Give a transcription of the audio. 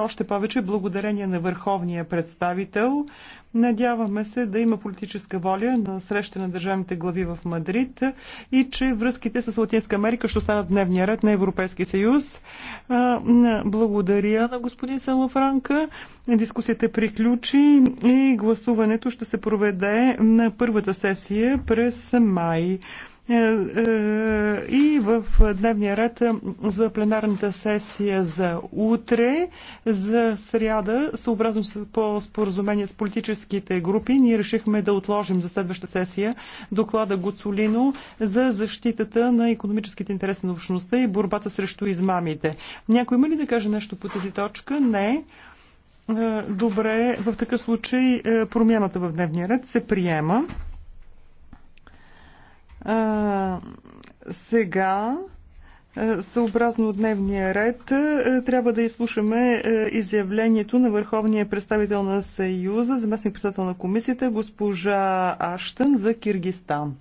още повече благодарение на върховния представител. Надяваме се да има политическа воля на среща на държавните глави в Мадрид и че връзките с Латинска Америка ще станат дневния ред на Европейския съюз. Благодаря на господин Салафранка. Дискусията приключи и гласуването ще се проведе на първата сесия през май. Е, е, и в дневния ред за пленарната сесия за утре, за сряда, съобразно по споразумение с политическите групи, ние решихме да отложим за следваща сесия доклада Гуцулино за защитата на економическите интереси на общността и борбата срещу измамите. Някой има ли да каже нещо по тази точка? Не. Е, добре, в такъв случай промяната в дневния ред се приема. А сега Съобразно дневния ред трябва да изслушаме изявлението на върховния представител на Съюза, заместник председател на комисията, госпожа Аштън за Киргистан.